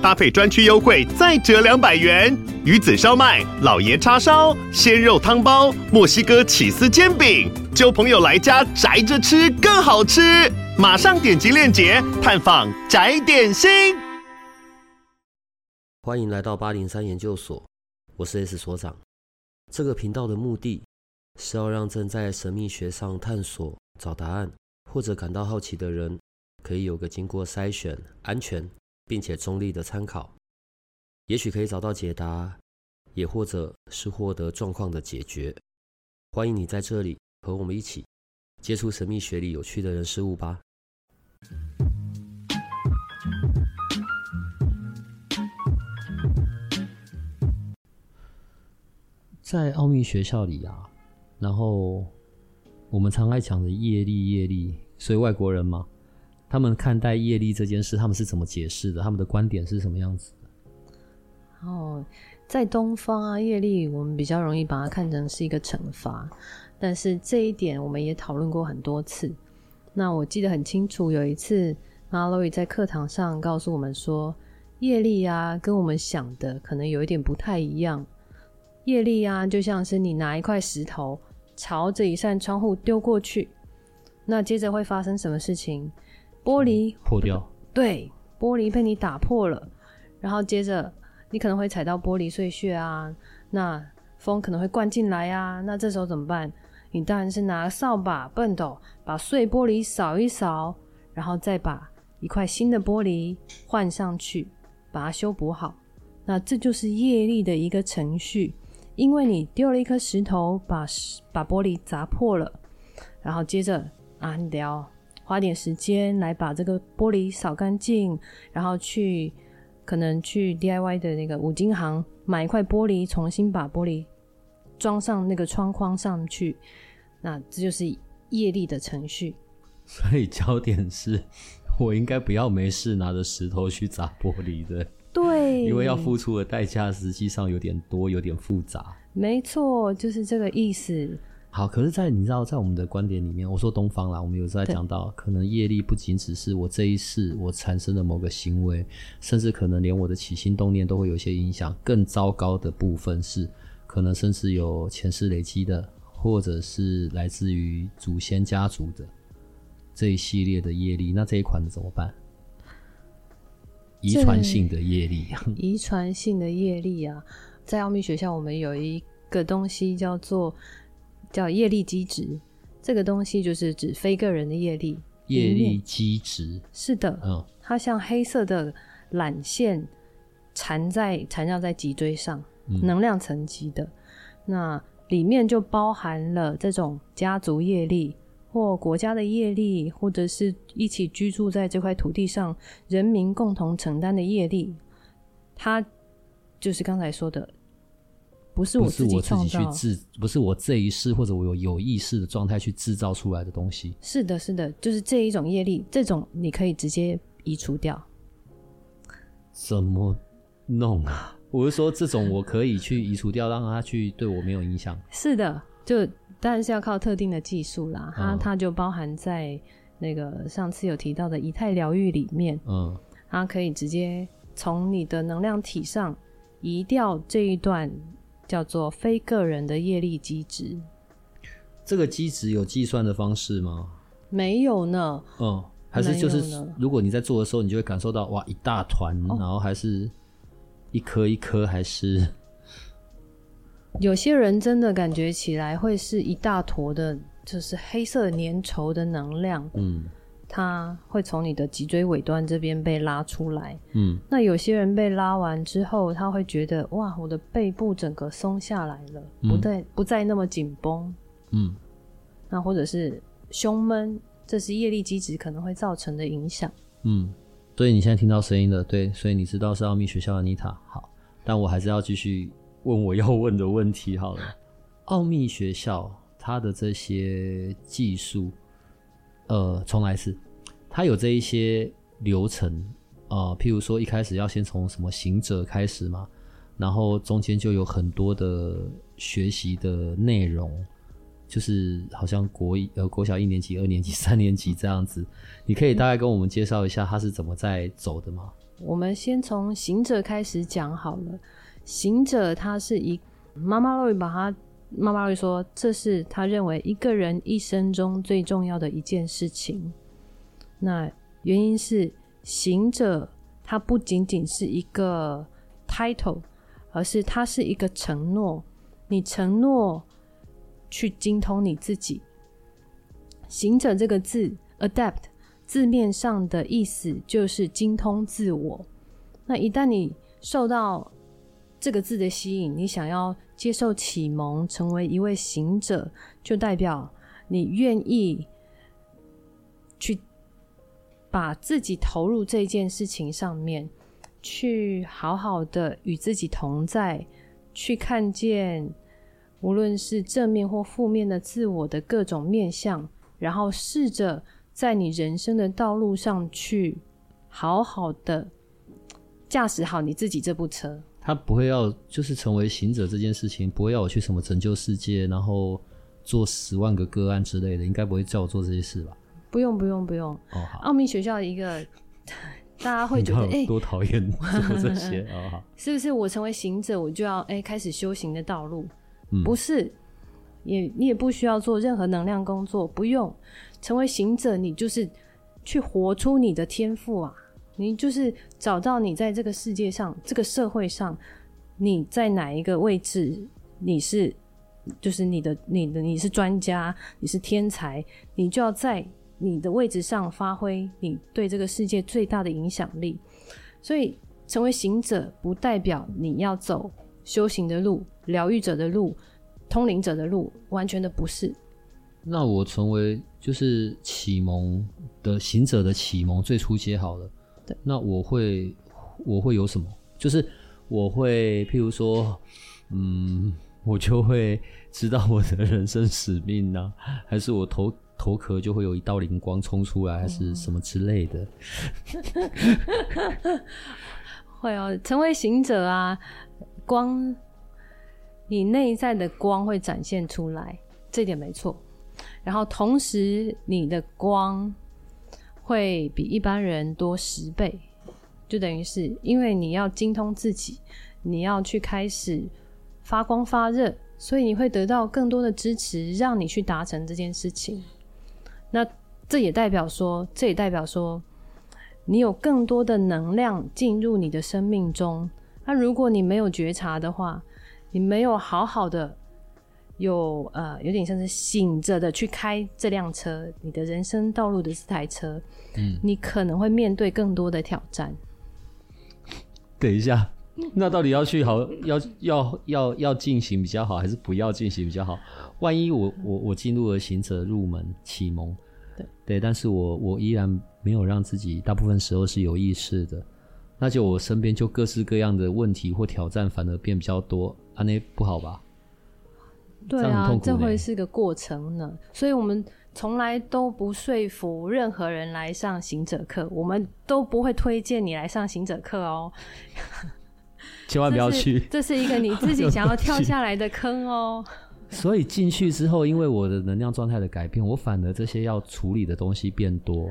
搭配專區優惠，再折兩百元。魚子燒賣、老爺叉燒、鮮肉湯包、墨西哥起司煎餅，交朋友來家宅着吃更好吃。馬上點擊鏈接探訪宅點心。歡迎來到8靈3研究所，我是 S 所長。這個頻道的目的，是要讓正在神秘學上探索、找答案，或者感到好奇的人，可以有個經過篩選、安全。並且中立的參考，也許可以找到解答，也或者是獲得狀況的解決。歡迎你在這裡和我們一起接觸神秘學裡有趣的人事物吧。在奧秘學校裡啊，然後我們常愛講的業力，業力，所以外國人嘛。他們看待業力這件事，他們是怎麼解釋的？他們的觀點是什麼樣子？哦，在東方啊，業力我們比較容易把它看成是一個懲罰，但是這一點我們也討論過很多次。那我記得很清楚，有一次 Malory 在課堂上告訴我們說，業力啊，跟我們想的可能有一點不太一樣。業力啊，就像是你拿一塊石頭朝着一扇窗戶丟過去，那接着會發生什麼事情？玻璃破掉，對，玻璃被你打破了，然後接着你可能會踩到玻璃碎屑啊，那風可能會灌進來啊，那這時候怎麼辦？你當然是拿掃把、畚斗把碎玻璃掃一掃，然後再把一塊新的玻璃換上去，把它修補好。那這就是業力的一個程序，因為你丟了一顆石頭把把玻璃砸破了，然後接着啊，你花點時間來把這個玻璃掃乾淨，然後去可能去 DIY 的那個五金行買一塊玻璃，重新把玻璃裝上那個窗框上去。那這就是業力的程序。所以焦點是，我應該不要沒事拿着石頭去砸玻璃的。對，因為要付出的代價實際上有點多，有點複雜。沒錯，就是這個意思。好，可是，在你知道，在我們的觀點裡面，我說東方啦，我們有時候講到，可能業力不僅只是我這一世我產生的某個行為，甚至可能連我的起心動念都會有一些影響。更糟糕的部分是，可能甚至有前世累積的，或者是來自於祖先家族的這一系列的業力。那這一款的怎麼辦？遺傳性的業力，遺傳性的業力啊， 在奧秘學校，我們有一個東西叫做。叫業力基值，這個東西就是指非個人的業力。業力基值是的、哦，它像黑色的纜線纏在纏繞在脊椎上，能量層級的、嗯，那裡面就包含了這種家族業力，或國家的業力，或者是一起居住在這塊土地上人民共同承擔的業力。它就是剛才說的。不是，我不是我自己去製。不是我這一世或者我有有意識的狀態去制造出來的東西。是的，是的，就是這一種業力，這種你可以直接移除掉。怎麼弄啊？我是說，這種我可以去移除掉， 讓它去對我沒有影響。是的，就當然是要靠特定的技術啦、嗯。它它就包含在那個上次有提到的以太療癒裡面。嗯，它可以直接從你的能量體上移掉這一段。叫做非個人的業力機制，這個機制有計算的方式嗎？沒有呢。嗯，還是就是如果你在做的時候，你就會感受到哇，一大團，哦，然後還是一顆一顆，還是有些人真的感覺起來會是一大坨的，就是黑色粘稠的能量，嗯。它會從你的脊椎尾端這邊被拉出來，嗯，那有些人被拉完之後，他會覺得哇，我的背部整個鬆下來了，嗯、不再不再那麼緊繃，嗯，那或者是胸悶，這是業力機制可能會造成的影響，嗯，所以你現在聽到聲音了，對，所以你知道是奧秘學校的妮塔，好，但我還是要繼續問我要問的問題好了，奧 秘學校它的這些技術。呃，重來是，他它有這一些流程，呃，譬如說一開始要先從什麼行者開始嘛，然後中間就有很多的學習的內容，就是好像國一、呃，國小一年級、二年級、三年級這樣子，你可以大概跟我們介紹一下它是怎麼在走的嗎？嗯，我們先從行者開始講好了，行者它是一，媽媽都會把他。媽媽會說：“這是他認為一個人一生中最重要的一件事情。那原因是，行者他不僅僅是一個 title，而是它是一個承諾。你承諾去精通你自己。行者這個字，adept 字面上的意思就是精通自我。那一旦你受到這個字的吸引，你想要。”接受啟蒙，成為一位行者，就代表你願意去把自己投入這件事情上面，去好好的與自己同在，去看見無論是正面或負面的自我的各種面向，然後試着在你人生的道路上去好好的駕駛好你自己這部車。他不會要，就是成為行者這件事情，不會要我去什麼拯救世界，然後做十萬個個案之類的，應該不會叫我做這些事吧？不用，不用，不用。奧、oh, 奧秘學校一個， 大家會覺得，哎，多討厭，什麼這些啊？ oh, 是不是我成為行者，我就要哎、欸、開始修行的道路？嗯、不是，也你也不需要做任何能量工作，不用。成為行者，你就是去活出你的天賦啊。你就是找到你在這個世界上、這個社會上，你在哪一個位置？你是，就是你的、你的，你是專家，你是天才，你就要在你的位置上發揮你對這個世界最大的影響力。所以，成為行者不代表你要走修行的路、療癒者的路、通靈者的路，完全的不是。那我成為就是啟蒙的行者的啟蒙最初階好了。那我會，我會有什麼？就是我會，譬如說，嗯，我就會知道我的人生使命呢、啊，還是我頭頭殼就會有一道靈光衝出來、嗯，還是什麼之類的？ 會哦、喔，成為行者啊，光，你內在的光會展現出來，這點沒錯。然後同時，你的光。會比一般人多十倍，就等於是，因為你要精通自己，你要去開始發光發熱，所以你會得到更多的支持，讓你去達成這件事情。那這也代表說，這也代表說，你有更多的能量進入你的生命中。那如果你沒有覺察的話，你沒有好好的。有呃，有點像是醒着的去開這輛車，你的人生道路的這台車，嗯，你可能會面對更多的挑戰。等一下，那到底要去好，要要要要進行比較好，還是不要進行比較好？萬一我我我進入了行者入門啟蒙，對對，但是我我依然沒有讓自己大部分時候是有意識的，那就我身邊就各式各樣的問題或挑戰反而變比較多，啊，那不好吧？對啊，這會是個過程呢，所以我們從來都不說服任何人來上行者課，我們都不會推薦你來上行者課哦、喔， 千萬不要去這，這是一個你自己想要跳下來的坑哦、喔。 所以進去之後，因為我的能量狀態的改變，我反而這些要處理的東西變多，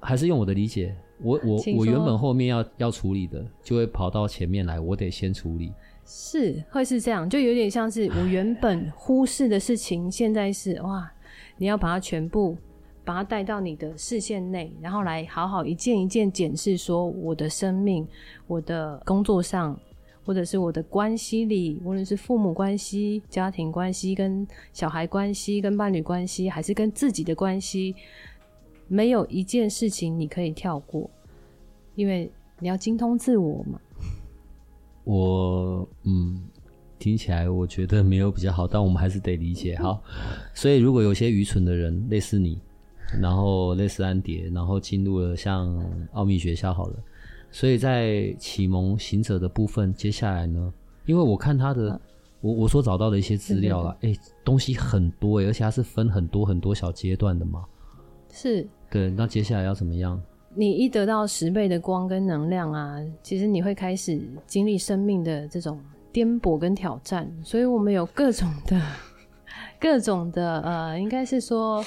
還是用我的理解，我我我原本後面要要處理的，就會跑到前面來，我得先處理。是會是這樣，就有點像是我原本忽視的事情，現在是哇，你要把它全部把它帶到你的視線內，然後來好好一件一件檢視，說我的生命、我的工作上，或者是我的關係裡，無論是父母關係、家庭關係、跟小孩關係、跟伴侶關係，還是跟自己的關係，沒有一件事情你可以跳過，因為你要精通自我嘛。我嗯，聽起來我覺得沒有比較好，但我們還是得理解哈，所以如果有些愚蠢的人，類似你，然後類似安迪，然後進入了像奧秘學校好了。所以在啟蒙行者的部分，接下來呢？因為我看他的，我我所找到的一些資料啦，哎、欸，東西很多哎、欸，而且它是分很多很多小階段的嘛。是，對，那接下來要怎麼樣？你一得到十倍的光跟能量啊，其實你會開始經歷生命的這種顛簸跟挑戰，所以我們有各種的、各種的，呃，應該是說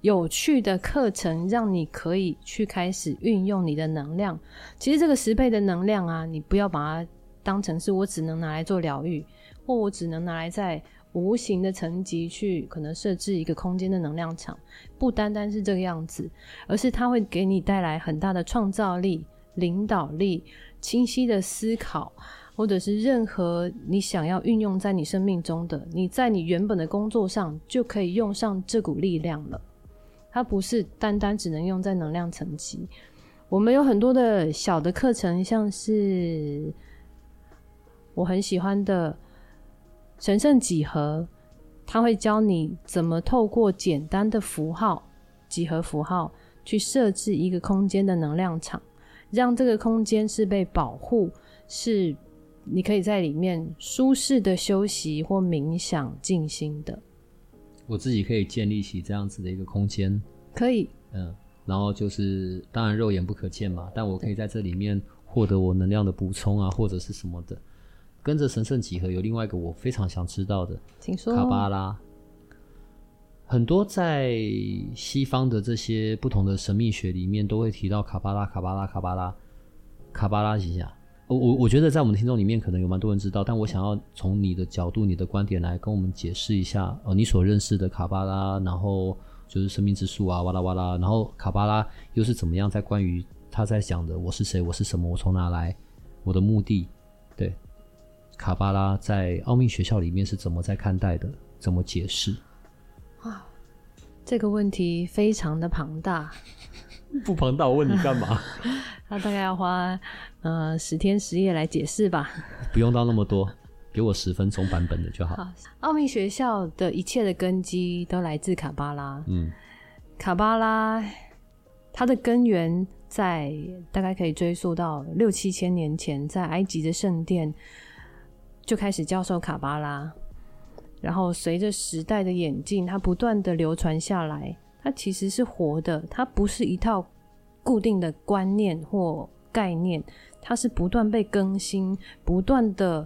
有趣的課程，讓你可以去開始運用你的能量。其實這個十倍的能量啊，你不要把它當成是我只能拿來做療癒，或我只能拿來在。無形的層級去可能設置一個空間的能量場，不單單是這個樣子，而是它會給你帶來很大的創造力、領導力、清晰的思考，或者是任何你想要運用在你生命中的，你在你原本的工作上就可以用上這股力量了。它不是單單只能用在能量層級，我們有很多的小的課程，像是我很喜歡的。神聖幾何，他會教你怎麼透過簡單的符號、幾何符號去設置一個空間的能量場，讓這個空間是被保護，是你可以在裡面舒適的休息或冥想進行的。我自己可以建立起這樣子的一個空間，可以，嗯，然後就是當然肉眼不可見嘛，但我可以在這裡面獲得我能量的補充啊，或者是什麼的。跟着神聖幾何有另外一個我非常想知道的，請說卡巴拉，很多在西方的這些不同的神秘學裡面都會提到卡巴拉，卡巴拉，卡巴拉，卡巴拉，幾下，我我我覺得在我們的聽眾裡面可能有蠻多人知道，但我想要從你的角度、你的觀點來跟我們解釋一下，呃，你所認識的卡巴拉，然後就是生命之樹啊，哇啦哇啦，然後卡巴拉又是怎麼樣在關於他在講的我是誰，我是什麼，我從哪來，我的目的，對。卡巴拉在奧秘學校裡面是怎麼在看待的？怎麼解釋？啊，這個問題非常的龐大。 不龐大，我問你幹嘛？ 他大概要花呃十天十夜來解釋吧。不用到那麼多，給我十分鐘版本的就好。奧秘學校的一切的根基都來自卡巴拉。嗯，卡巴拉它的根源在大概可以追溯到六七千年前，在埃及的聖殿。就開始教授卡巴拉，然後隨着時代的演進，它不斷的流傳下來，它其實是活的，它不是一套固定的觀念或概念，它是不斷被更新，不斷的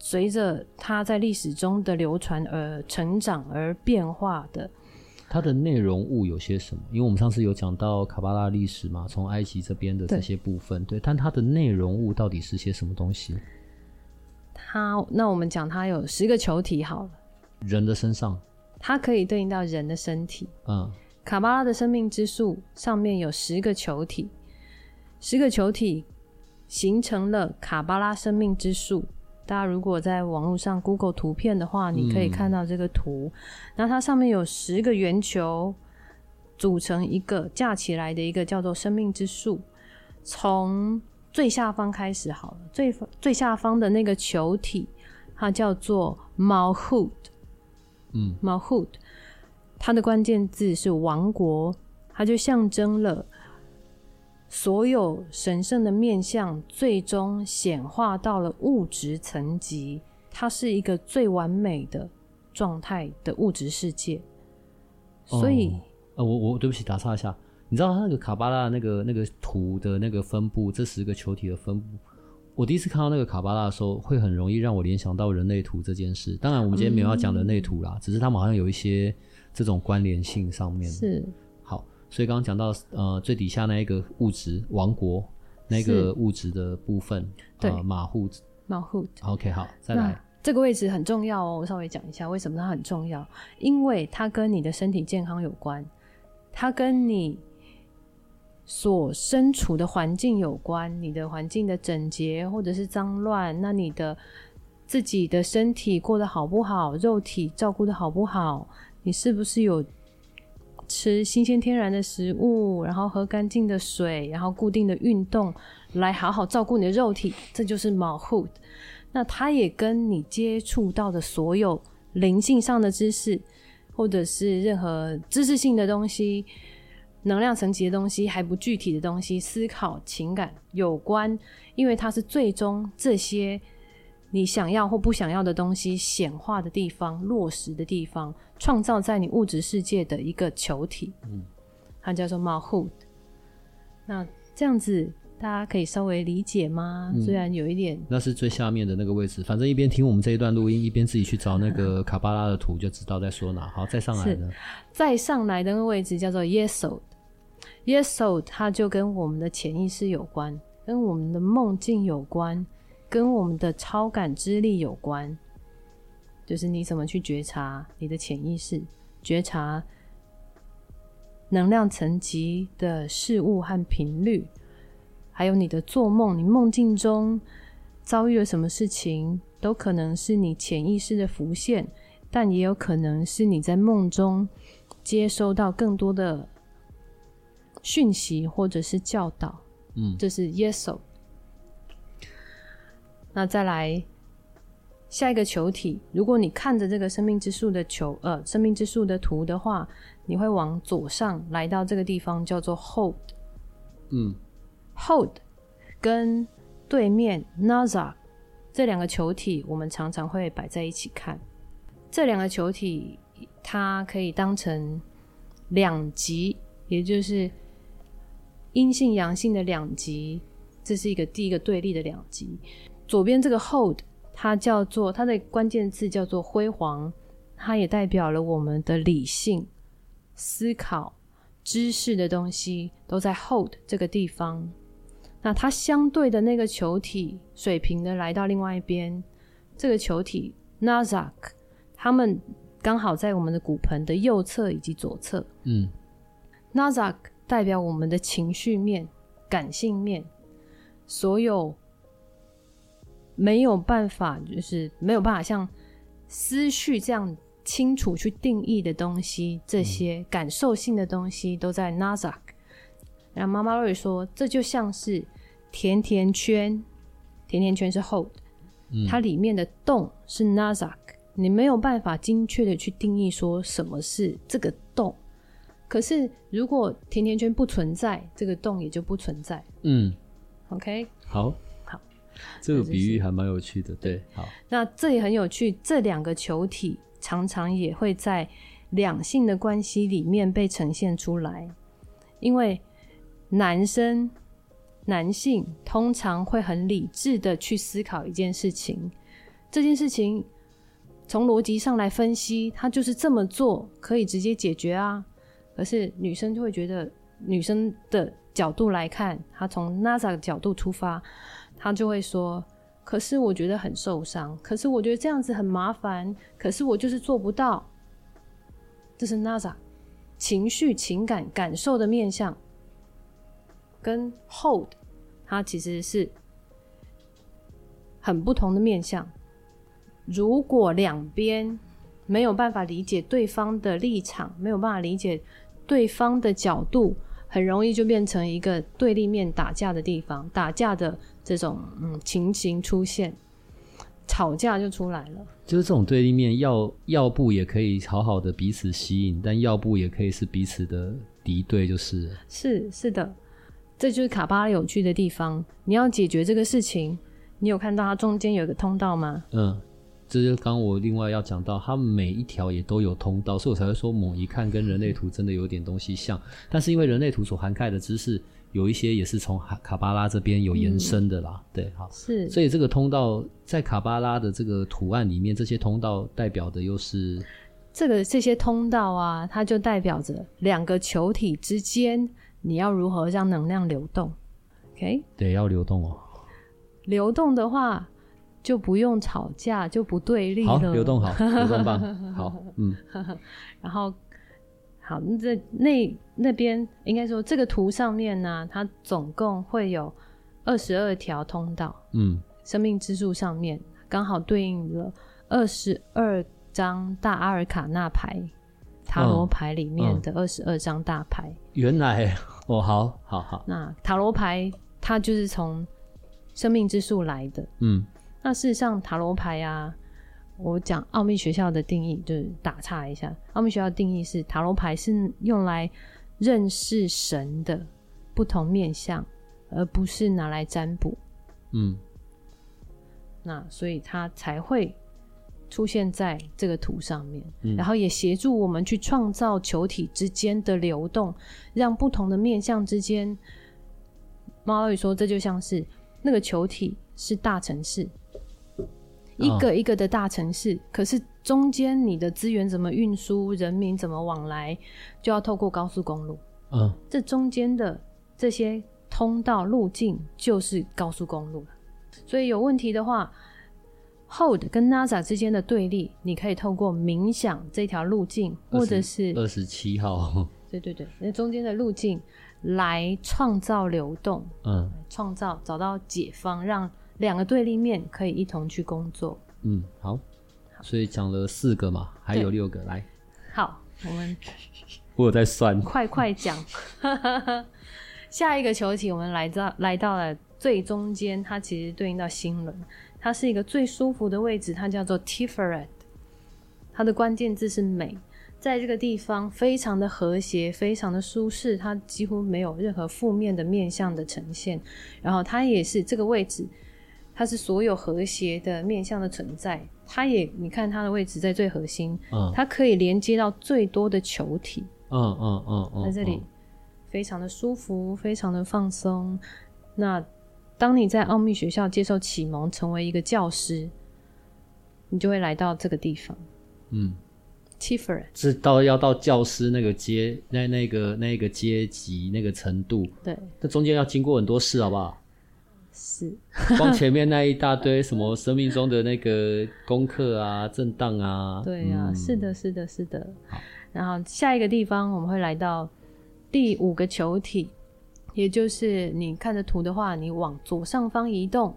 隨着它在歷史中的流傳而成長而變化的。它的內容物有些什麼？因為我們上次有講到卡巴拉歷史嘛，從埃及這邊的這些部分，對，對，但它的內容物到底是些什麼東西？它，那我們講它有十個球體好了。人的身上，它可以對應到人的身體。嗯。卡巴拉的生命之樹上面有十個球體，十個球體形成了卡巴拉生命之樹。大家如果在網絡上 Google 圖片的話，嗯，你可以看到這個圖。那它上面有十個圓球組成一個架起來的一個叫做生命之樹，從最下方開始好了，最最下方的那個球體，它叫做 Malkuth，嗯，Malkuth，它的關鍵字是王國，它就象徵了所有神聖的面相最終顯化到了物質層級，它是一個最完美的狀態的物質世界。所以，呃、哦哦，我我對不起，打岔一下。你知道他那個卡巴拉那個那個圖的那個分布，這十個球體的分布，我第一次看到那個卡巴拉的時候，會很容易讓我聯想到人類圖這件事。當然，我們今天沒有要講人類圖啦，嗯，只是他們好像有一些這種關聯性上面。是好，所以剛剛講到呃最底下那個那一個物質王國那個物質的部分，呃，對，馬虎馬虎，OK 好，再來這個位置很重要哦，我稍微講一下為什麼它很重要，因為它跟你的身體健康有關，它跟你。所身處的環境有關，你的環境的整潔或者是髒亂，那你的自己的身體過得好不好，肉體照顧得好不好，你是不是有吃新鮮天然的食物，然後喝乾淨的水，然後固定的運動來好好照顧你的肉體，這就是 Malkuth。那它也跟你接觸到的所有靈性上的知識，或者是任何知識性的東西。能量層級的東西，還不具體的東西，思考、情感有關，因為它是最終這些你想要或不想要的東西顯化的地方、落實的地方、創造在你物質世界的一個球體。嗯，它叫做 Malkuth。那這樣子大家可以稍微理解嗎？嗯？雖然有一點，那是最下面的那個位置。反正一邊聽我們這一段錄音，一邊自己去找那個卡巴拉的圖，嗯，就知道在說哪。好，再上來的，再上來的那個位置叫做 Yesod。Yes, so, 它就跟我們的潛意識有關，跟我們的夢境有關，跟我們的超感知力有關。就是你怎麼去覺察你的潛意識，覺察能量層級的事物和頻率，還有你的做夢，你夢境中遭遇了什麼事情，都可能是你潛意識的浮現，但也有可能是你在夢中接收到更多的。訊息或者是教導，嗯，這、就是 Yeso、so。那再來下一個球體，如果你看着這個生命之樹的球，呃，生命之樹的圖的話，你會往左上來到這個地方，叫做 Hold，嗯，Hold 跟對面 Naza 這兩個球體，我們常常會擺在一起看。這兩個球體，它可以當成兩極，也就是。陰性陽性的兩極，這是一個第一個對立的兩極。左邊這個 hold，它叫做它的關鍵字叫做輝煌，它也代表了我們的理性思考、知識的東西都在 hold 這個地方。那它相對的那個球體水平的來到另外一邊，這個球體 nazak，它們剛好在我們的骨盆的右側以及左側。嗯，nazak。Nazac，代表我們的情緒面、感性面，所有沒有辦法，就是沒有辦法像思緒這樣清楚去定義的東西，這些感受性的東西都在 nazar、嗯。然後媽媽瑞說，這就像是甜甜圈，甜甜圈是厚的、嗯，它裡面的洞是 nazar，你沒有辦法精確的去定義說什麼是這個洞。可是，如果甜甜圈不存在，這個洞也就不存在。嗯，OK，好，好，就是，這個比喻還蠻有趣的，對，對，好。那這裡很有趣，這兩個球體常常也會在兩性的關係裡面被呈現出來，因為男生、男性通常會很理智的去思考一件事情，這件事情從邏輯上來分析，他就是這麼做可以直接解決啊。可是女生就會覺得，女生的角度來看，她從 NASA 的角度出發，她就會說：“可是我覺得很受傷，可是我覺得這樣子很麻煩，可是我就是做不到。”這是 NASA 情緒、情感、感受的面向，跟 Hold 它其實是很不同的面向。如果兩邊沒有辦法理解對方的立場，沒有辦法理解，對方的角度，很容易就變成一個對立面打架的地方，打架的這種嗯情形，出現，吵架就出來了。就是這種對立面，要要不也可以好好的彼此吸引，但要不也可以是彼此的敵對，就是。是，是的，這就是卡巴拉有趣的地方。你要解決這個事情，你有看到它中間有一個通道嗎？嗯。這就剛、是、我另外要講到，它每一條也都有通道，所以我才會說猛一看跟人類圖真的有點東西像，嗯、但是因為人類圖所涵蓋的知識有一些也是從卡巴拉這邊有延伸的啦、嗯，對，好，是，所以這個通道在卡巴拉的這個圖案裡面，這些通道代表的又是這個這些通道啊，它就代表着兩個球體之間你要如何讓能量流動，OK？對，要流動哦、喔，流動的話，就不用吵架，就不對立。好，流動好，流動吧 好，嗯。然後，好，那那那邊應該說，這個圖上面呢、啊，它總共會有二十二條通道。嗯，生命之樹上面剛好對應了二十二張大阿爾卡納牌，塔羅牌裡面的二十二張大牌。原來哦，好好好。那塔羅牌它就是從生命之樹來的。嗯。那事實上，塔羅牌啊，我講奧秘學校的定義就是打岔一下，奧秘學校的定義是塔羅牌是用來認識神的不同面向，而不是拿來占卜。嗯，那所以它才會出現在這個圖上面，嗯、然後也協助我們去創造球體之間的流動，讓不同的面向之間。貓老宇說，這就像是那個球體是大城市。一個一個的大城市，oh. 可是中間你的資源怎麼運輸，人民怎麼往來，就要透過高速公路。嗯、uh.，這中間的這些通道路徑就是高速公路了。所以有問題的話，Hod 跟 NASA 之間的對立，你可以透過冥想這條路徑，20, 或者是二十七號。對對對，那中間的路徑來創造流動，嗯、uh.，創造找到解方，讓。兩個對立面可以一同去工作。嗯，好。好，所以講了四個嘛，還有六個來。好，我們。我在算。快快講。 下一個球體，我們來到來到了最中間，它其實對應到心輪，它是一個最舒服的位置，它叫做 Tiferet。它的關鍵字是美，在這個地方非常的和諧，非常的舒適，它幾乎沒有任何負面的面向的呈現。然後它也是這個位置。它是所有和諧的面向的存在，它也，你看它的位置在最核心，嗯、它可以連接到最多的球體。嗯嗯嗯，嗯，在這裡，嗯、非常的舒服，嗯、非常的放鬆，嗯。那當你在奧秘學校接受啟蒙，成為一個教師，你就會來到這個地方。嗯，Tiphareth 是到要到教師那個階那那個那個階級那個程度，對，這中間要經過很多事，好不好？是、 啊，光前面那一大堆什麼生命中的那個功課啊、 震盪啊，對啊、嗯，是的，是的，是的。好，然後下一個地方我們會來到第五個球體，也就是你看着圖的話，你往左上方移動，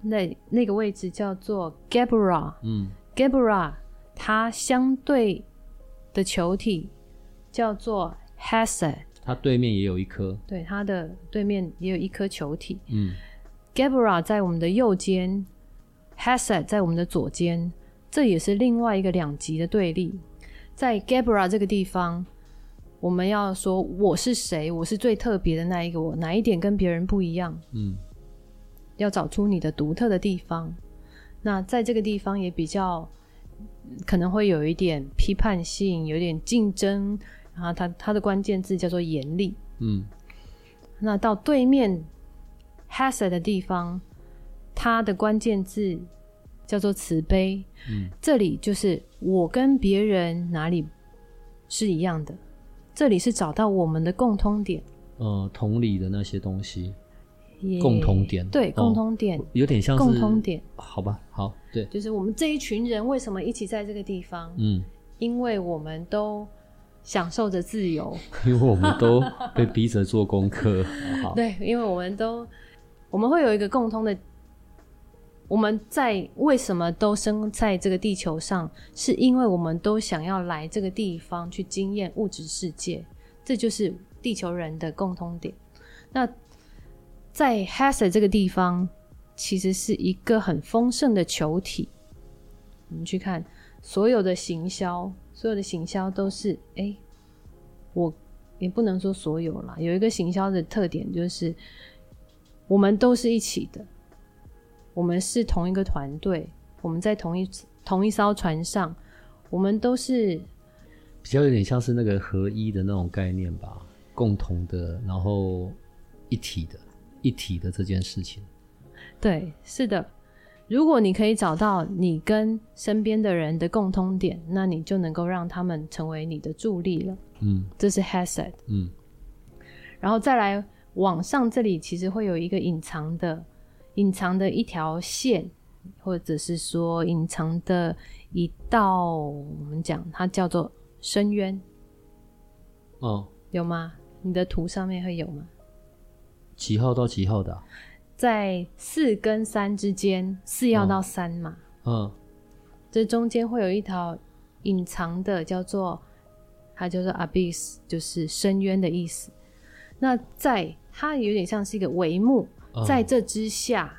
那那個位置叫做 Gabra 嗯 Gabra，它相對的球體叫做 Hesse，它對面也有一顆，對，它的對面也有一顆球體，嗯。Gabra 在我們的右肩，Hassett 在我們的左肩，這也是另外一個兩極的對立。在 Gabra 這個地方，我們要說我是誰，我是最特別的那一個，我哪一點跟別人不一樣？嗯，要找出你的獨特的地方。那在這個地方也比較可能會有一點批判性，有點競爭，然後它他的關鍵字叫做嚴厲。嗯，那到對面。Hessa 的地方，它的關鍵字叫做慈悲。嗯，這裡就是我跟別人哪裡是一樣的？這裡是找到我們的共通點。呃、嗯，同理的那些東西，yeah, 共同點，哦、共通點。對，共通點有點像是共通點。好吧，好，對，就是我們這一群人為什麼一起在這個地方？嗯，因為我們都享受着自由，因為我們都被逼着做功課。 對，因為我們都。我們會有一個共通的，我們在為什麼都生在這個地球上，是因為我們都想要來這個地方去經驗物質世界，這就是地球人的共通點。那在 Hass 這個地方，其實是一個很豐盛的球體。我們去看所有的行銷，所有的行銷都是，誒、欸，我也不能說所有啦，有一個行銷的特點就是。我們都是一起的，我們是同一個團隊，我們在同一同一艘船上，我們都是比較有點像是那個合一的那種概念吧，共同的，然後一體的，一體的這件事情。對，是的。如果你可以找到你跟身邊的人的共通點，那你就能夠讓他們成為你的助力了。嗯，這是 Chesed。嗯，然後再來。往上這裡其實會有一個隱藏的、隱藏的一條線，或者是說隱藏的一道，我們講它叫做深淵。哦、嗯，有嗎？你的圖上面會有嗎？幾號到幾號的、啊？在四跟三之間，四要到三嘛。嗯，這、嗯、中間會有一條隱藏的，叫做它叫做 abyss，就是深淵的意思。那在。它有點像是一個帷幕，uh, 在這之下，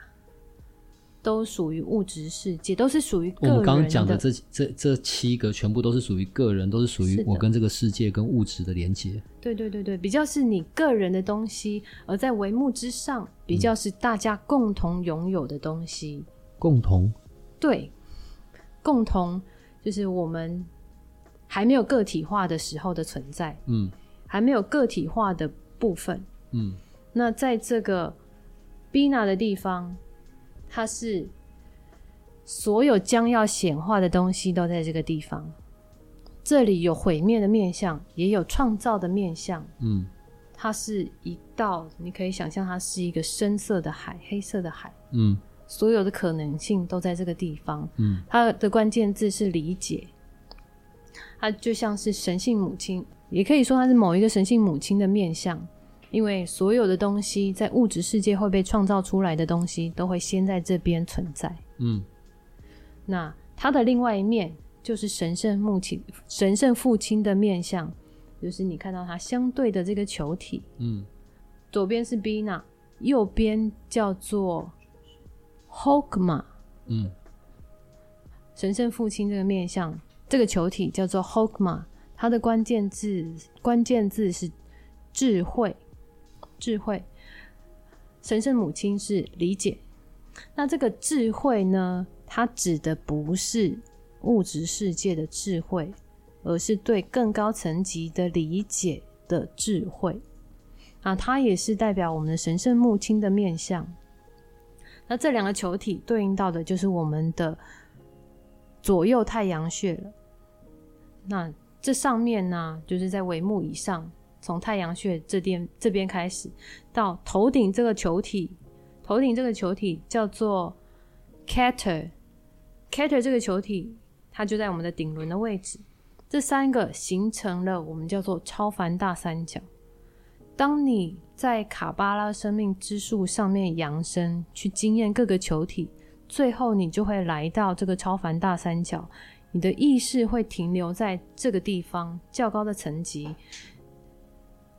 都屬於物質世界，都是屬於個人的。我們剛剛講的這這這七個全部都是屬於個人，都是屬於我跟這個世界跟物質的連接。對對對對，比較是你個人的東西，而在帷幕之上，比較是大家共同擁有的東西。嗯。共同，對，共同就是我們還沒有個體化的時候的存在，嗯，還沒有個體化的部分，嗯。那在這個 Bina 的地方，它是所有將要顯化的東西都在這個地方。這裡有毀滅的面向，也有創造的面向。嗯，它是一道，你可以想象它是一個深色的海，黑色的海。嗯，所有的可能性都在這個地方。嗯，它的關鍵字是理解。它就像是神性母親，也可以說它是某一個神性母親的面向。因為所有的東西在物質世界會被創造出來的東西，都會先在這邊存在。嗯，那它的另外一面就是神聖母親、神聖父親的面向，就是你看到它相對的這個球體。嗯，左邊是 Bina，右邊叫做 Hokma。嗯，神聖父親這個面向，這個球體叫做 Hokma，它的關鍵字關鍵字是智慧。智慧，神聖母親是理解。那這個智慧呢？它指的不是物質世界的智慧，而是對更高層級的理解的智慧。啊，它也是代表我們的神聖母親的面相。那這兩個球體對應到的就是我們的左右太陽穴了。那這上面呢，啊，就是在帷幕以上。從太陽穴這邊這邊開始，到頭頂這個球體，頭頂這個球體叫做 Keter，Keter 這個球體它就在我們的頂輪的位置，這三個形成了我們叫做超凡大三角。當你在卡巴拉生命之樹上面揚升，去經驗各個球體，最後你就會來到這個超凡大三角，你的意識會停留在這個地方較高的層級。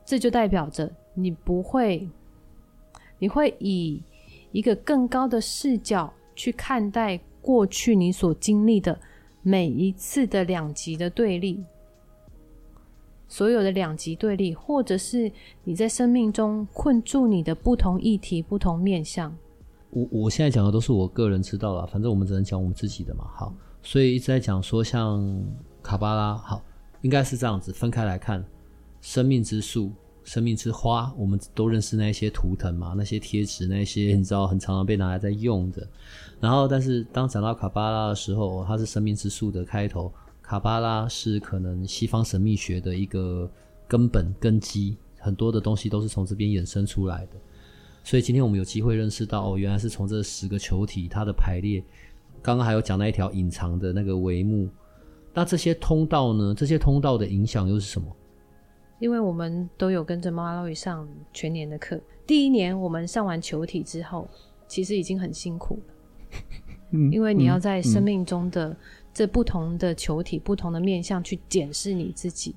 這就代表着你不會，你會以一個更高的視角去看待過去你所經歷的每一次的兩極的對立，所有的兩極對立，或者是你在生命中困住你的不同議題、不同面相。我我現在講的都是我個人知道啦，反正我們只能講我們自己的嘛。好，所以一直在講說像卡巴拉，好，應該是這樣子分開來看。生命之樹、生命之花，我們都認識那些圖騰嘛？那些貼紙，那些你知道很常常被拿來在用的。嗯。然後，但是當講到卡巴拉的時候，哦，它是生命之樹的開頭。卡巴拉是可能西方神秘學的一個根本根基，很多的東西都是從這邊衍生出來的。所以今天我們有機會認識到，哦，原來是從這十個球體它的排列，剛剛還有講那一條隱藏的那個帷幕。那這些通道呢？這些通道的影響又是什麼？因為我們都有跟着媽媽 r l 上全年的課，第一年我們上完球體之後，其實已經很辛苦了。嗯、因為你要在生命中的、嗯、這不同的球體、嗯、不同的面相去檢視你自己，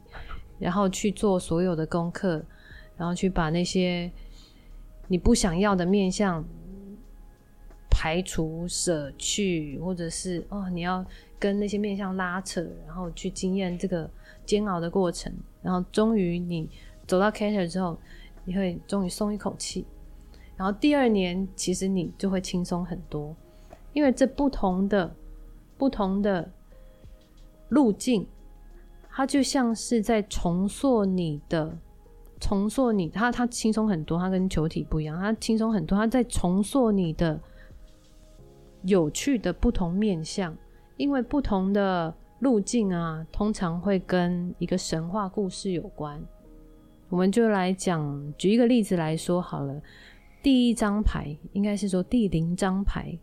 然後去做所有的功課，然後去把那些你不想要的面相排除、捨去，或者是哦，你要跟那些面相拉扯，然後去經驗這個。煎熬的過程，然後終於你走到 Kether 之後，你會終於鬆一口氣。然後第二年，其實你就會輕鬆很多，因為這不同的不同的路徑，它就像是在重塑你的重塑你，它它輕鬆很多，它跟球體不一樣，它輕鬆很多，它在重塑你的有趣的不同面向，因為不同的。路徑啊，通常會跟一個神話故事有關。我們就來講，舉一個例子來說好了。第一張牌應該是說第零張牌，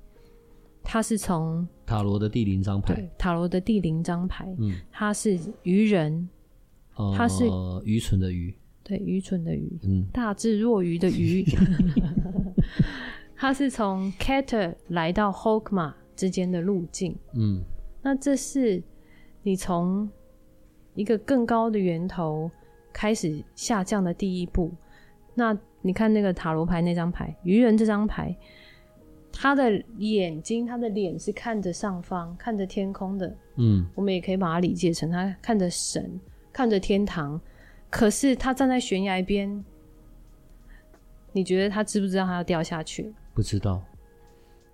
它是從塔羅的第零張牌。對，塔羅的第零張、張牌，嗯，它是愚人，它是、呃、愚蠢的愚，對，愚蠢的愚、嗯，大智若愚的愚。他 是從 Keter 來到 Hokma 之間的路徑，嗯，那這是。你從一個更高的源頭開始下降的第一步，那你看那個塔羅牌那張牌，愚人這張牌，他的眼睛、他的臉是看着上方、看着天空的。嗯，我們也可以把它理解成他看着神、看着天堂，可是他站在懸崖邊，你覺得他知不知道他要掉下去？不知道，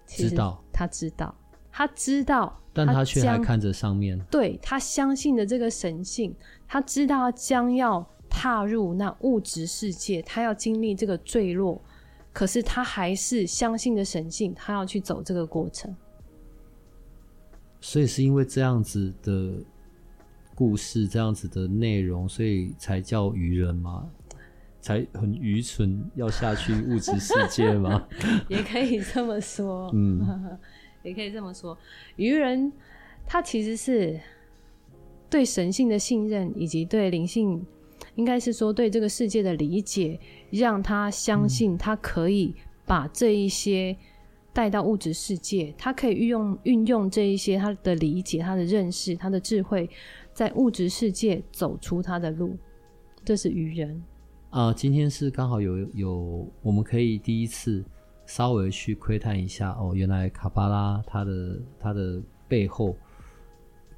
知道，其實他知道。他知道他，但他卻還看着上面。對，他相信的這個神性，他知道他將要踏入那物質世界，他要經歷這個墜落。可是他還是相信的神性，他要去走這個過程。所以是因為這樣子的故事，這樣子的內容，所以才叫愚人嗎？才很愚蠢，要下去物質世界嗎？ 也可以這麼說， 嗯。也可以這麼說，愚人他其實是對神性的信任，以及對靈性，應該是說對這個世界的理解，讓他相信他可以把這一些帶到物質世界，他可以運用運用這一些他的理解、他的認識、他的智慧，在物質世界走出他的路。這是愚人啊。呃，今天是剛好有有，我們可以第一次。稍微去窺探一下，哦，原來卡巴拉它的它的背後，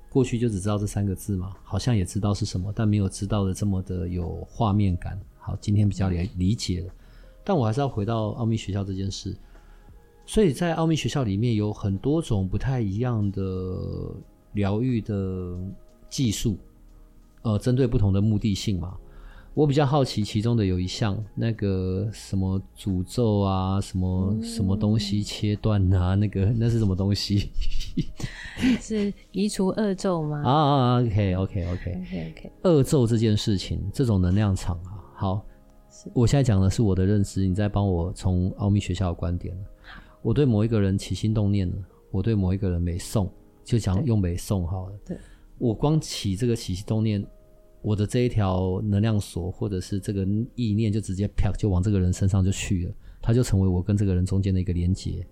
過去就只知道這三個字嘛，好像也知道是什麼，但沒有知道的這麼的有畫面感。好，今天比較來理解了，但我還是要回到奧秘學校這件事。所以在奧秘學校裡面有很多種不太一樣的療癒的技術，呃，針對不同的目的性嘛。我比較好奇其中的有一項，那個什麼詛咒啊，什麼什麼東西切斷啊、嗯，那個那是什麼東西？ 是移除惡咒嗎？啊、oh,，OK，OK，OK，OK，OK，okay, okay, okay. Okay, okay. 惡咒這件事情，這種能量場啊，好，我現在講的是我的認知，你在幫我從奧秘學校的觀點。我對某一個人起心動念了，我對某一個人沒送，就講用沒送好了對。對，我光起這個起心動念。我的這一條能量鎖，或者是這個意念，就直接啪就往這個人身上就去了，它就成為我跟這個人中間的一個連接，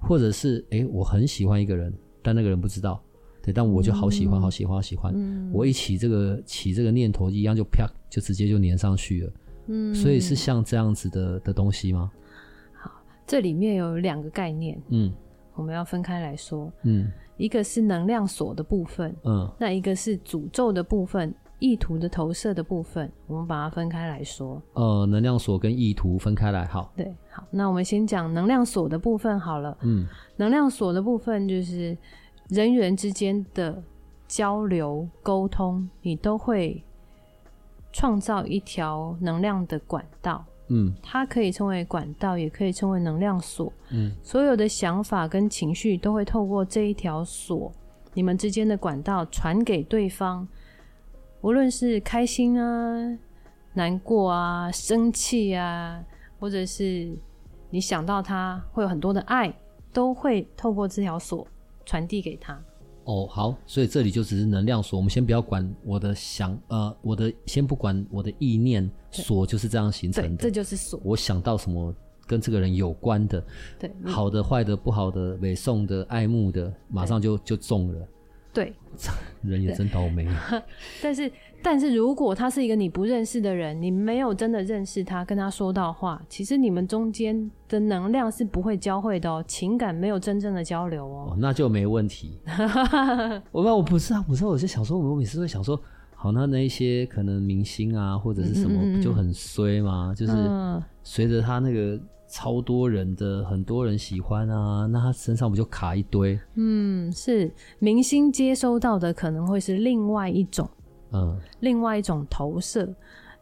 或者是哎、欸、我很喜歡一個人，但那個人不知道，對，但我就好喜歡，嗯、好喜歡，好喜歡，嗯，我一起這個起這個念頭一樣就啪就直接就粘上去了，嗯，所以是像這樣子的的東西嗎？好，這裡面有兩個概念，嗯，我們要分開來說，嗯，一個是能量鎖的部分，嗯，那一個是詛咒的部分。意圖的投射的部分，我們把它分開來說。呃，能量索跟意圖分開來，好。對，好，那我們先講能量索的部分好了。嗯，能量索的部分就是人與人之間的交流溝通，你都會創造一條能量的管道。嗯，它可以稱為管道，也可以稱為能量索。嗯，所有的想法跟情緒都會透過這一條索，你們之間的管道傳給對方。無論是開心啊、難過啊、生氣啊，或者是你想到他會有很多的愛，都會透過這條索傳遞給他。哦，好，所以這裡就只是能量索，嗯，我們先不要管我的想，呃，我的先不管我的意念，索就是這樣形成的。對，這就是索。我想到什麼跟這個人有關的，對，好的、壞的、不好的、美送的、愛慕的，馬上就就中了。對， 人也真倒霉。 但是，但是如果他是一個你不認識的人，你沒有真的認識他，跟他說到話，其實你們中間的能量是不會交匯的哦、喔，情感沒有真正的交流、喔、哦，那就沒問題。我 我我不是啊，不是，我是想說，我每次會想說，好，那那一些可能明星啊或者是什麼就很衰嘛、嗯嗯嗯嗯，就是隨着他那個。超多人的，很多人喜歡啊，那他身上不就卡一堆？嗯，是明星接收到的可能會是另外一種，嗯，另外一種投射。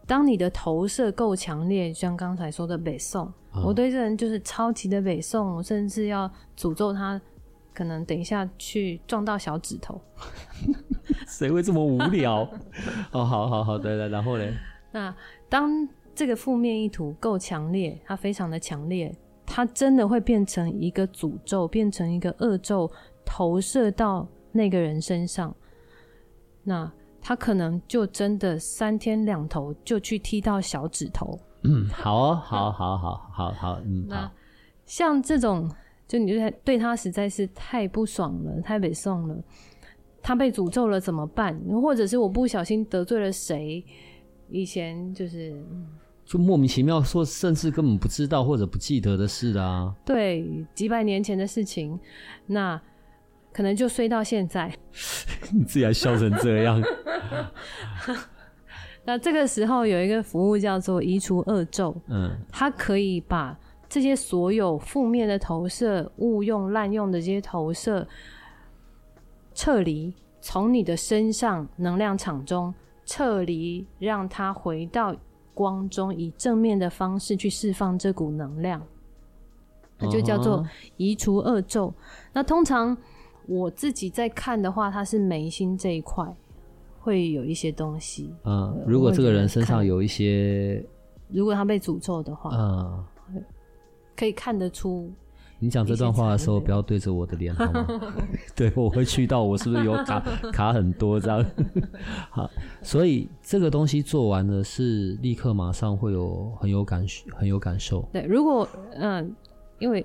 當你的投射夠強烈，像剛才說的北宋、嗯，我對這人就是超級的北宋，甚至要詛咒他，可能等一下去撞到小指頭。誰 會這麼無聊？哦 oh, 好好好，對,對對，然後呢？那當。這個負面意圖夠強烈，它非常的強烈，它真的會變成一個詛咒，變成一個惡咒，投射到那個人身上。那他可能就真的三天兩頭就去踢到小指頭。嗯，好哦， 好，好，好，好，好，好， 嗯，好，像這種，就你對對他實在是太不爽了，太不爽了，他被詛咒了怎麼辦？或者是我不小心得罪了誰？以前就是。就莫名其妙說，甚至根本不知道或者不記得的事啊。對，幾百年前的事情，那可能就衰到現在。 你自己還笑成這樣？ 那這個時候有一個服務叫做“移除惡咒”，嗯，它可以把這些所有負面的投射、誤用、濫用的這些投射撤離，從你的身上能量場中撤離，讓它回到。光中以正面的方式去釋放這股能量，就叫做移除惡咒。Uh-huh. 那通常我自己在看的話，它是眉心這一塊會有一些東西。嗯、uh、呃，如果這個人身上有一些，如果他被詛咒的話，嗯、uh-huh.，可以看得出。你講這段話的時候，不要對着我的臉，好嗎？ 對，我會去到，我是不是有卡 卡很多這樣。 好，所以這個東西做完了是立刻馬上會有很有感，很有感受。對，如果嗯、呃，因為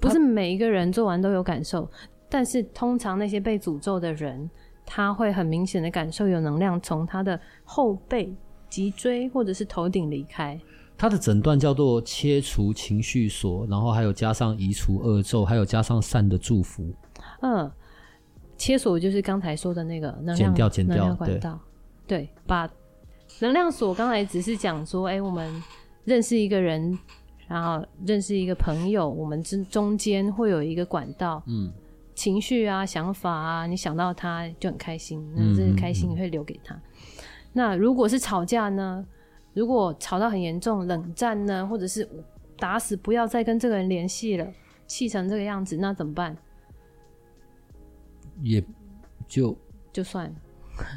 不是每一個人做完都有感受，但是通常那些被詛咒的人，他會很明顯的感受有能量從他的後背、脊椎或者是頭頂離開。他的診斷叫做切除情緒鎖，然後還有加上移除惡咒，還有加上善的祝福。嗯，切鎖就是剛才說的那個能量剪掉，剪掉能量管道，對，對把能量鎖。剛才只是講說，哎、欸，我們認識一個人，然後認識一個朋友，我們之中間會有一個管道，嗯，情緒啊、想法啊，你想到他就很開心，那這個開心你會留給他嗯嗯嗯。那如果是吵架呢？如果吵到很嚴重、冷戰呢，或者是打死不要再跟這個人聯繫了，氣成這個樣子，那怎麼辦？也就，就就算了，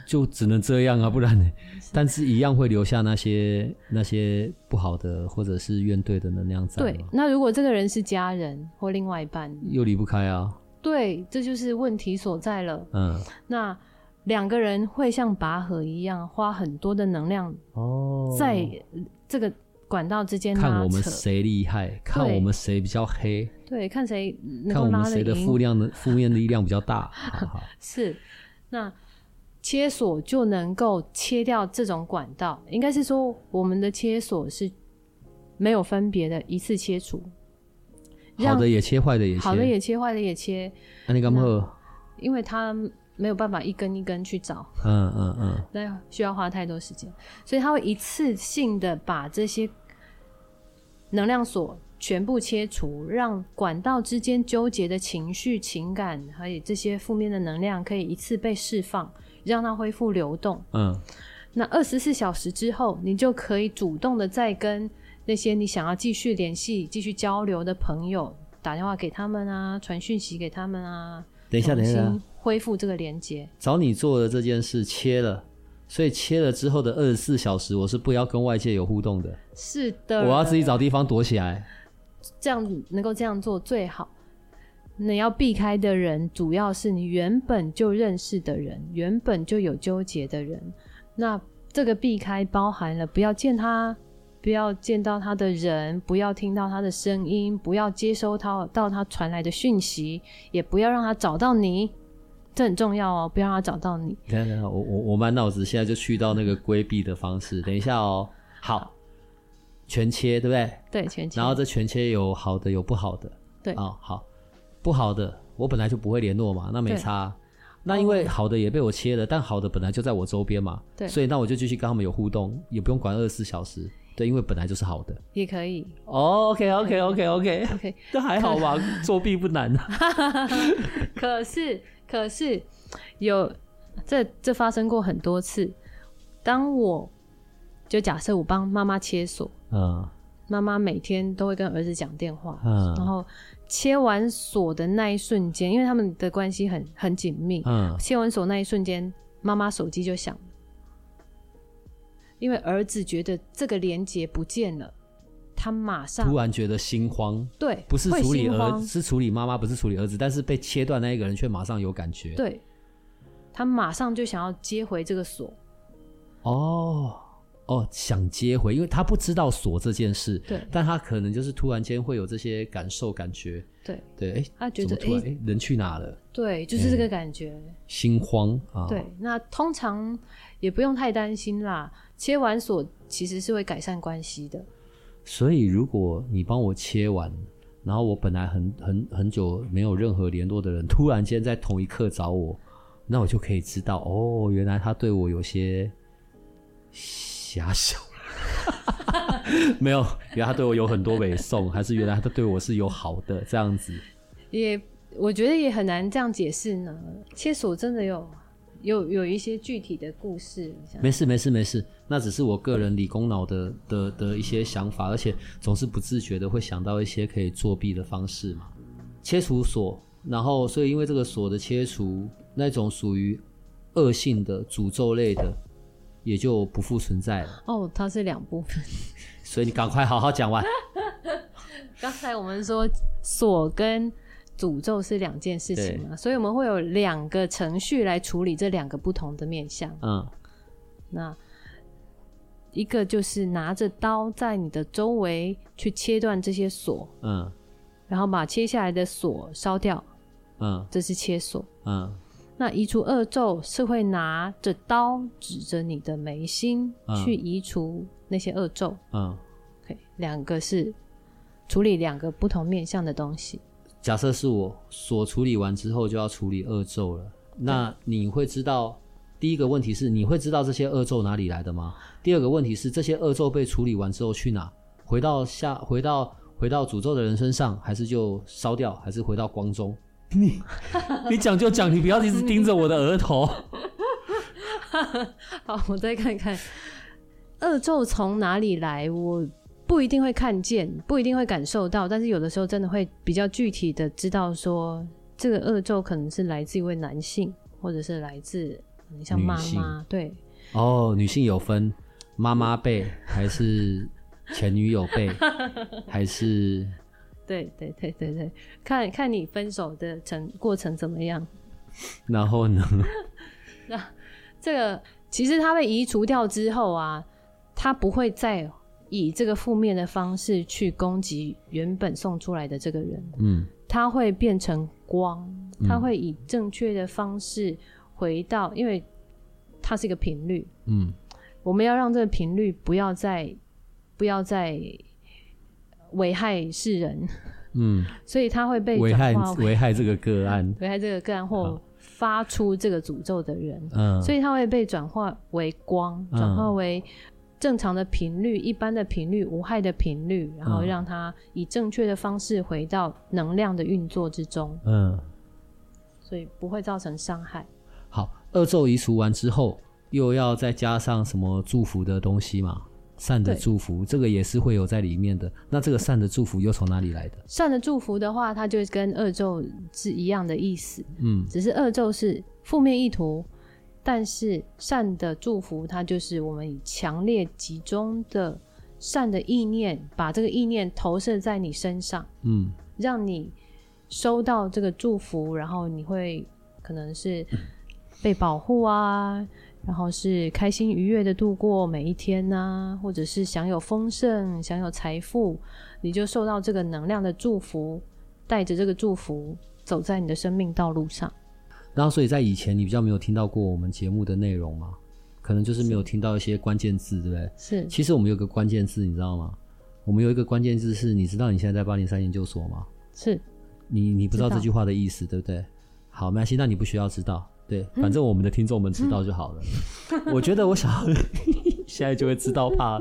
就只能這樣啊，不然呢， 但是一樣會留下那些那些不好的，或者是怨懟的能量在。對，那如果這個人是家人或另外一半，又離不開啊。對，這就是問題所在了。嗯，那。兩個人會像拔河一樣，花很多的能量，在這個管道之間拉扯，看我們誰厲害，看我們誰比較黑，對，看誰看我們誰的負量的負面力量比較大。 好好。是，那切鎖就能夠切掉這種管道，應該是說我們的切鎖是沒有分別的，一次切除，好的也切，壞的也切。好的也切，壞的也切。那你幹嘛？因為他。沒有辦法一根一根去找，嗯嗯嗯，那、嗯、需要花太多時間，所以他會一次性的把這些能量鎖全部切除，讓管道之間糾結的情緒、情感和這些負面的能量可以一次被釋放，讓它恢復流動。嗯，那二十四小時之後，你就可以主動的再跟那些你想要繼續聯繫、繼續交流的朋友打電話給他們啊，傳訊息給他們啊。等一下，等一下。那個恢復這個連接，找你做的這件事切了，所以切了之後的二十四小時，我是不要跟外界有互動的。是的，我要自己找地方躲起來，這樣能夠這樣做最好。你要避開的人，主要是你原本就認識的人，原本就有糾結的人。那這個避開包含了不要見他，不要見到他的人，不要聽到他的聲音，不要接收他到他傳來的訊息，也不要讓他找到你。這很重要哦、喔，不要讓他找到你。等等，我我我滿腦子現在就去到那個規避的方式。 等一下哦、喔，好，全切對不對？對，全切。然後這全切有好的，有不好的。對哦，好，不好的我本來就不會聯絡嘛，那沒差。那因為好的也被我切了，但好的本來就在我周邊嘛，對，所以那我就繼續跟他們有互動，也不用管二十四小時。對，因為本來就是好的，也可以。哦、oh,，OK，OK，OK，OK，OK，、okay, okay, okay, okay okay. 這還好吧？ 作弊不難 可是。可是，有這這發生過很多次。當我就假設我幫媽媽切索，嗯，媽媽每天都會跟兒子講電話，嗯，然後切完索的那一瞬間，因為他們的關係很很緊密，嗯，切完索那一瞬間，媽媽手機就響了，因為兒子覺得這個連接不見了。他馬上突然覺得心慌，對，不是處理兒子，是處理媽媽，不是處理兒子。但是被切斷那一個人卻馬上有感覺，對，他馬上就想要接回這個索。哦，哦，想接回，因為他不知道索這件事，對，但他可能就是突然間會有這些感受、感覺，對，對，哎，他覺得哎，人去哪了？對，就是這個感覺，心慌啊。對，那通常也不用太擔心啦。切完索其實是會改善關係的。所以，如果你幫我切完，然後我本來很很很久沒有任何聯絡的人，突然間在同一刻找我，那我就可以知道，哦，原來他對我有些狹手，小 沒有，原來他對我有很多尾宋，還是原來他對我是有好的這樣子？也我覺得也很難這樣解釋呢。切索真的有。有有一些具體的故事，沒事沒事沒事，那只是我個人理工腦的的的一些想法，而且總是不自覺的會想到一些可以作弊的方式嘛。切除鎖，然後所以因為這個鎖的切除，那種屬於惡性的詛咒類的也就不復存在了。哦，它是兩部分， 所以你趕快好好講完。 剛才我們說鎖跟詛咒是兩件事情嘛，所以我們會有兩個程序來處理這兩個不同的面相。嗯，那一個就是拿着刀在你的周圍去切斷這些鎖，嗯，然後把切下來的鎖燒掉，嗯，這是切鎖。嗯，那移除惡咒是會拿着刀指着你的眉心去移除那些惡咒。嗯，OK，兩個是處理兩個不同面相的東西。假設是我所處理完之後就要處理惡咒了，嗯，那你會知道第一個問題是你會知道這些惡咒哪裡來的嗎？第二個問題是這些惡咒被處理完之後去哪？回到下回到回到詛咒的人身上，還是就燒掉，還是回到光中？ 你你講就講，你不要一直盯着我的額頭。 好，我再看看惡咒從哪裡來，我。不一定會看見，不一定會感受到，但是有的時候真的會比較具體的知道說，這個惡咒可能是來自一位男性，或者是來自你像媽媽對哦，女性有分媽媽輩，還是前女友輩還是 對對對對對，看看你分手的程過程怎麼樣，然後呢？ 那這個其實它被移除掉之後啊，它不會再。以這個負面的方式去攻擊原本送出來的這個人，嗯，他會變成光，他會以正確的方式回到，嗯、因為它是一個頻率，嗯，我們要讓這個頻率不要再不要再危害世人，嗯， 所以它會被轉化為危害危害這個個案，嗯、危害這個個案或發出這個詛咒的人，嗯、所以它會被轉化為光，轉、嗯、化為。正常的頻率，一般的頻率，無害的頻率，然後讓它以正確的方式回到能量的運作之中。嗯，所以不會造成傷害。好，惡咒移除完之後，又要再加上什麼祝福的東西嘛？善的祝福，這個也是會有在裡面的。那這個善的祝福又從哪裡來的？善的祝福的話，它就跟惡咒是一樣的意思。嗯，只是惡咒是負面意圖。但是善的祝福，它就是我們以強烈集中的善的意念，把這個意念投射在你身上，嗯，讓你收到這個祝福，然後你會可能是被保護啊，然後是開心愉悅的度過每一天啊，或者是享有豐盛、享有財富，你就受到這個能量的祝福，帶着這個祝福走在你的生命道路上。然後，所以在以前，你比較沒有聽到過我們節目的內容嘛？可能就是沒有聽到一些關鍵字，對不對？是。其實我們有個關鍵字，你知道嗎？我們有一個關鍵字是你知道你現在在八靈三研究所嗎？是。你你不知道這句話的意思，對不對？好，沒關係，那你不需要知道，對，嗯、反正我們的聽眾們知道就好了。嗯、 我覺得我想要 現在就會知道怕。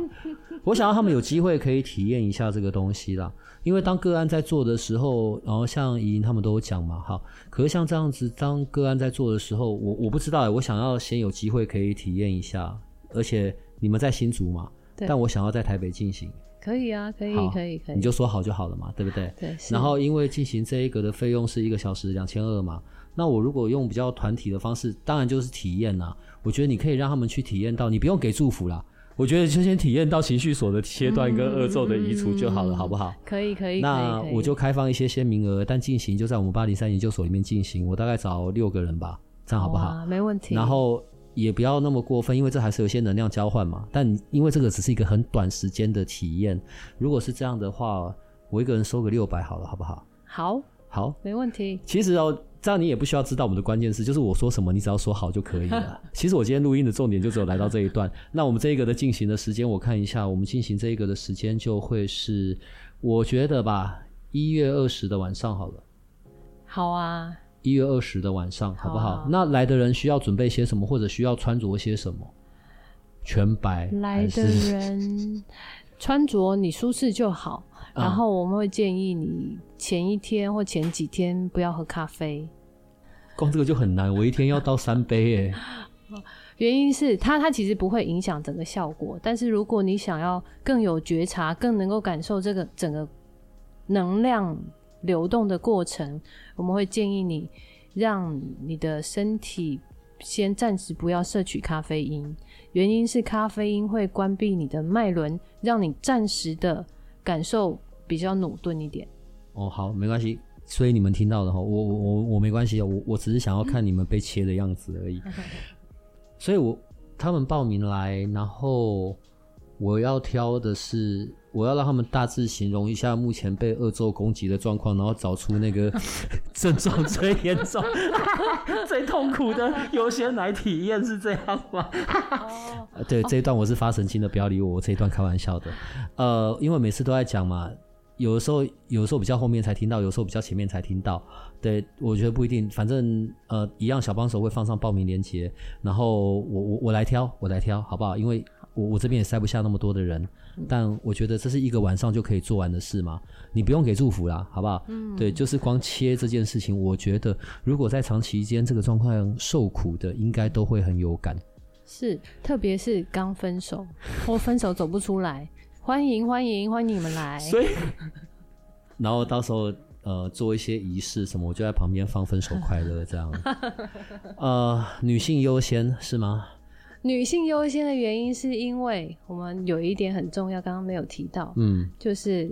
我想要他們有機會可以體驗一下這個東西啦，因為當個案在做的時候，然後像怡瑩他們都講嘛，好，可是像這樣子當個案在做的時候，我我不知道欸，我想要先有機會可以體驗一下，而且你們在新竹嘛，但我想要在台北進行。可以啊，可以，可以，可以，你就說好就好了嘛，對不對？對。然後因為進行這一個的費用是一個小時兩千二嘛，那我如果用比較團體的方式，當然就是體驗啦。我覺得你可以讓他們去體驗到，你不用給祝福啦。我覺得就先體驗到情緒索的切斷跟惡咒的移除就好了，嗯，好不好？可以，可以，那我就開放一些些名額，但進行就在我們8靈3研究所裡面進行。我大概找六個人吧，這樣好不好？沒問題。然後也不要那麼過分，因為這還是有一些能量交換嘛。但因為這個只是一個很短時間的體驗，如果是這樣的話，我一個人收個六百好了，好不好？好，好，沒問題。其實哦。這樣你也不需要知道我們的關鍵字，就是我說什麼，你只要說好就可以了。其實我今天錄音的重點就只有來到這一段。 那我們這一個的進行的時間，我看一下，我們進行這一個的時間就會是，我覺得吧，一月二十的晚上好了。好啊，一月二十的晚上好啊、好不好？好啊。那來的人需要準備些什麼，或者需要穿着些什麼？全白。來的人穿着你舒適就好。然後我們會建議你前一天或前幾天不要喝咖啡，光這個就很難。我一天要倒三杯耶。 原因是它它其實不會影響整個效果，但是如果你想要更有覺察、更能夠感受這個整個能量流動的過程，我們會建議你讓你的身體先暫時不要攝取咖啡因，原因是咖啡因會關閉你的脈輪，讓你暫時的。感受比較魯鈍一點。哦，好，沒關係。所以你們聽到的我我我我沒關係，我我只是想要看你們被切的樣子而已。 所以我，我他們報名來，然後我要挑的是。我要讓他們大致形容一下目前被惡咒攻擊的狀況，然後找出那個症狀最嚴重、 最痛苦的優先來體驗，是這樣嗎、？ oh. 呃？對，這一段我是發神經的，不要理我，我這一段開玩笑的。呃，因為每次都在講嘛，有的時候有時候比較後面才聽到，有時候比較前面才聽到。對，我覺得不一定，反正呃，一樣小幫手會放上報名鏈接，然後我我我來挑，我來挑，好不好？因為我，我我這邊也塞不下那麼多的人。但我覺得這是一個晚上就可以做完的事嘛，你不用給祝福啦，好不好？嗯，對，就是光切這件事情，我覺得如果在長期間這個狀況受苦的，應該都會很有感。是，特別是剛分手或分手走不出來， 歡迎歡迎歡迎你們來。所以，然後到時候呃做一些儀式什麼，我就在旁邊放分手快樂這樣。 呃，女性優先是嗎？女性優先的原因，是因為我們有一點很重要，剛剛沒有提到，嗯，就是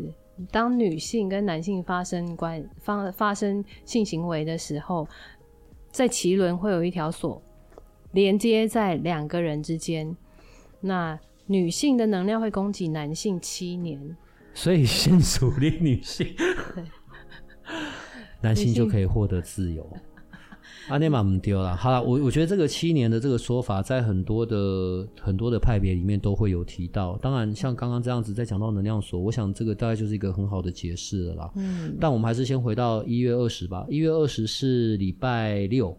當女性跟男性發生關、發發生性行為的時候，在臍輪會有一條鎖連接在兩個人之間，那女性的能量會供給男性七年，所以先處理女性 ， 男性就可以獲得自由。 阿內馬我們丟了，好了，我我覺得這個七年的這個說法，在很多的很多的派別裡面都會有提到。當然，像剛剛這樣子在講到能量索，我想這個大概就是一個很好的解釋了啦。嗯，但我們還是先回到一月二十吧。一月二十是禮拜六，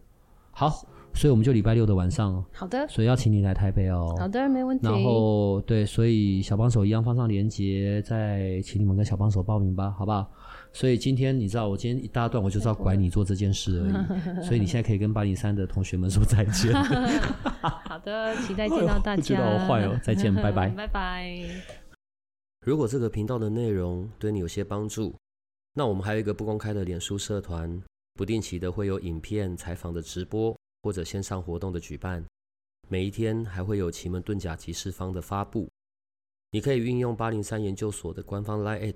好，所以我們就禮拜六的晚上。好的，所以要請你來台北哦。好的，沒問題。然後對，所以小幫手一樣放上鏈接，再請你們跟小幫手報名吧，好不好？所以今天你知道，我今天一大段我就知道要拐你做這件事而已。所以你現在可以跟八零三的同學們說再見。 好的，期待見到大家。不知道我壞了、哦，再見，拜拜，拜拜。如果這個頻道的內容對你有些幫助，那我們還有一個不公開的臉書社團，不定期的會有影片採訪的直播或者線上活動的舉辦。每一天還會有奇門遁甲即時方的發布，你可以運用八零三研究所的官方 Line。